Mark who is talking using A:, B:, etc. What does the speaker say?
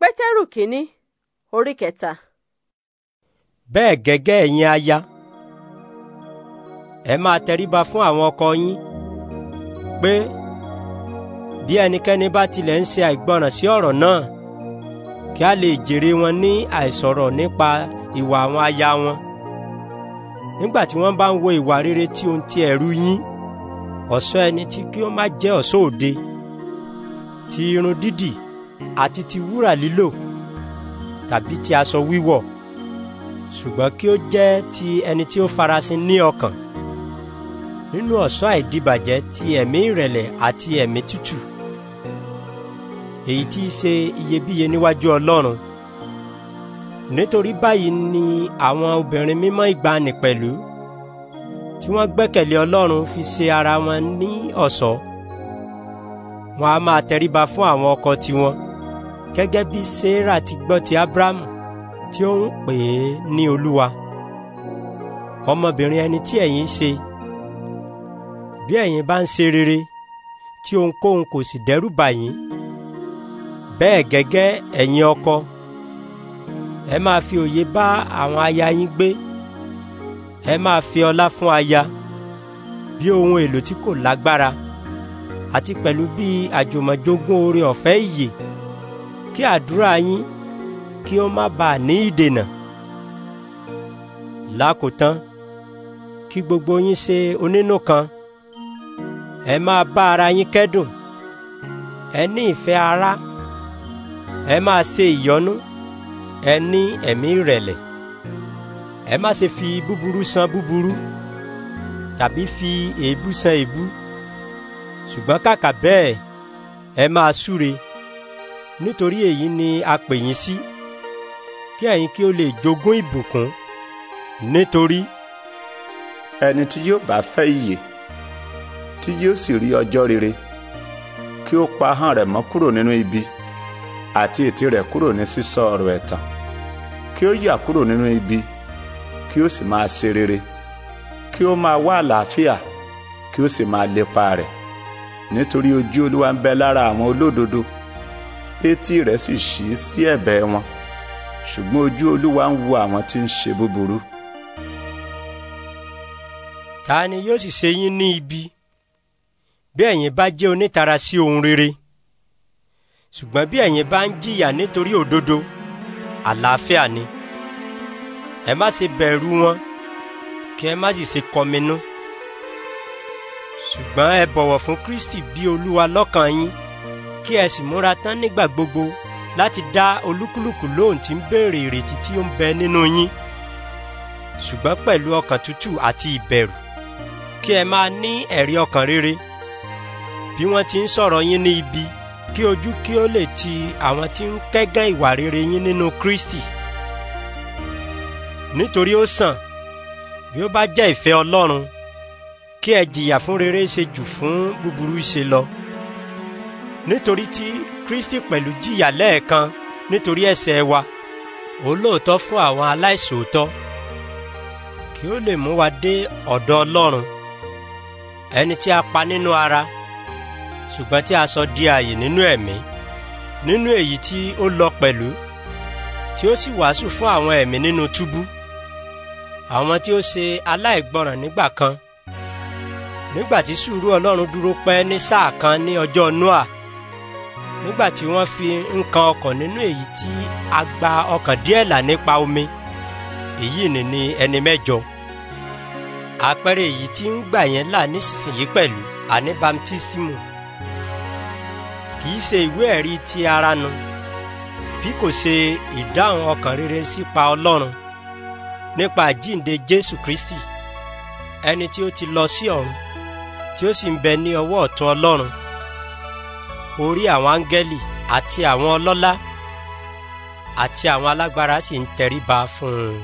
A: pétérù kínní orí kẹta.
B: bẹ́ẹ̀ gẹ́gẹ́ ẹ̀yin aya ẹ máa tẹríba fún àwọn ọkọ yín pé bí ẹnikẹ́ni bá tilẹ̀ ń ṣe àìgbọràn sí ọ̀rọ̀ náà kí a lè jèrè wọn ní àìsọ̀rọ̀ nípa ìwà àwọn aya wọn nígbà tí wọ́n bá ń wo ìwà rere tí ohun ti ẹ̀rù yín ọ̀ṣọ́ ẹni tí kí ó má jẹ́ ọ̀ṣọ́ òde ti irun dídì àti ti wúrà lílò tàbí ti aṣọ wíwọ̀ ṣùgbọ́n kí ó jẹ́ ti ẹni tí ó farasin ní ọkàn nínú ọ̀ṣọ́ àìdíbàjẹ́ ti ẹ̀mí ìrẹ̀lẹ̀ àti ẹ̀mí tútù èyí tí í ṣe iyebíye níwájú Ọlọ́run nítorí báyìí ni àwọn obìnrin mímọ́ ìgbàanì pẹ̀lú tí wọ́n gbẹ́kẹ̀lé Ọlọ́run fi ṣe ara wọn ní ọ̀ṣọ́ wọn a máa tẹríba fún àwọn ọkọ tiwọn gẹ́gẹ́ bí Séra ti gbọ́ ti Ábúráhámù tí ó ń pè é ní Olúwa ọmọbìnrin ẹni tí ẹ̀yin ṣe bí ẹ̀yin bá ń ṣe rere tí ohunkóhun kò sì dẹ́rù bà yín bẹ́ẹ̀ gẹ́gẹ́ ẹ̀yin ọkọ ẹ máa fi òye bá àwọn aya yín gbé ẹ máa fi ọlá fún aya bí ohun èlò tí kò lágbára àti pẹ̀lú bí àjùmọ̀jogún oore ọ̀fẹ́ ìyè kí àdúrà yín kí ó má bàa ní ìdènà. lákòótán kí gbogbo yín ṣe onínú kan ẹ máa bá ara yín kẹ́dùn ẹ ní ìfẹ́ ara ẹ máa ṣe ìyọ́nú ẹ ní ẹ̀mí ìrẹ̀lẹ̀ ẹ má ṣe fi búburú san búburú tàbí fi èébú san èébú ṣùgbọ́n kàkà bẹ́ẹ̀ ẹ máa súre nítorí èyí ni a pè yín sí kí ẹ̀yin kí ó lè jogún ìbùkún
A: nítorí. ẹni tí yóò bá fẹ́ ìyè tí yóò sì rí ọjọ́ rere kí ó pa ahọ́n rẹ̀ mọ́ kúrò nínú ibi àti ètè rẹ̀ kúrò ní sísọ ọ̀rọ̀ ẹ̀tàn kí ó yà kúrò nínú ibi kí ó sì máa ṣe rere kí ó máa wá àlàáfíà kí ó sì máa lépa rẹ̀ nítorí ojú Olúwa ń bẹ lára àwọn olódodo etí rẹ̀ sì ṣí sí ẹ̀bẹ̀ wọn ṣùgbọ́n ojú olúwa ń wo àwọn tí ń ṣe búburú.
B: ta ni yóò sì ṣe yín ní ibi bí ẹ̀yin bá jẹ́ onítara sí ohun rere ṣùgbọ́n bí ẹ̀yin bá ń jìyà nítorí òdodo àlàáfíà ni ẹ má ṣe bẹ̀rù wọn kí ẹ má sì ṣe kọminú ṣùgbọ́n ẹ bọ̀wọ̀ fún Kristi bí olúwa lọ́kàn yín kí ẹ sì múra tán nígbà gbogbo láti dá olúkúlùkù lóhùn tí ń béèrè ìrètí tí ó ń bẹ nínú yín ṣùgbọ́n pẹ̀lú ọkàn tútù àti ìbẹ̀rù kí ẹ máa ní ẹ̀rí ọkàn rere bí wọ́n ti ń sọ̀rọ̀ yín ní ibi kí ojú kí ó lè ti àwọn tí ń kẹ́gàn ìwà rere yín nínú Kristi nítorí ó sàn bí ó bá jẹ́ ìfẹ́ Ọlọ́run kí ẹ jìyà fún rere ṣe jù fún búburú ṣe lọ nítorí tí Kristi pẹ̀lú jìyà lẹ́ẹ̀kan nítorí ẹ̀ṣẹ̀ wa olóòótọ́ fún àwọn aláìṣòótọ́ kí ó lè mú wa dé ọ̀dọ̀ Ọlọ́run ẹni tí a pa nínú ara ṣùgbọ́n tí a sọ di ààyè nínú ẹ̀mí nínú èyí tí ó lọ pẹ̀lú tí ó sì wàásù fún àwọn ẹ̀mí nínú túbú àwọn tí ó ṣe aláìgbọràn nígbà kan nígbà tí sùúrù Ọlọ́run dúró pẹ́ ní sáà kan ní ọjọ́ Noah nígbà tí wọ́n fi nǹkan ọkàn nínú èyí tí a gba ọkàn díẹ̀ là nípa omi èyí ni ni ẹni mẹ́jọ àpẹẹrẹ èyí tí ń gbà yẹn là nísinsìnyí pẹ̀lú àní bamtísímù kì ṣe ìwé ẹ̀rí ti ara nu bí kò ṣe ìdáhùn ọkàn rere sípa Ọlọ́run nípa àjínde Jésù Kristi ẹni tí ó ti lọ sí ọ̀run tí ó sì ń bẹ ní ọwọ́ ọ̀tún Ọlọ́run orí àwọn áńgẹ́lì àti àwọn ọlọ́lá àti àwọn alágbára sì ń tẹríba fún un.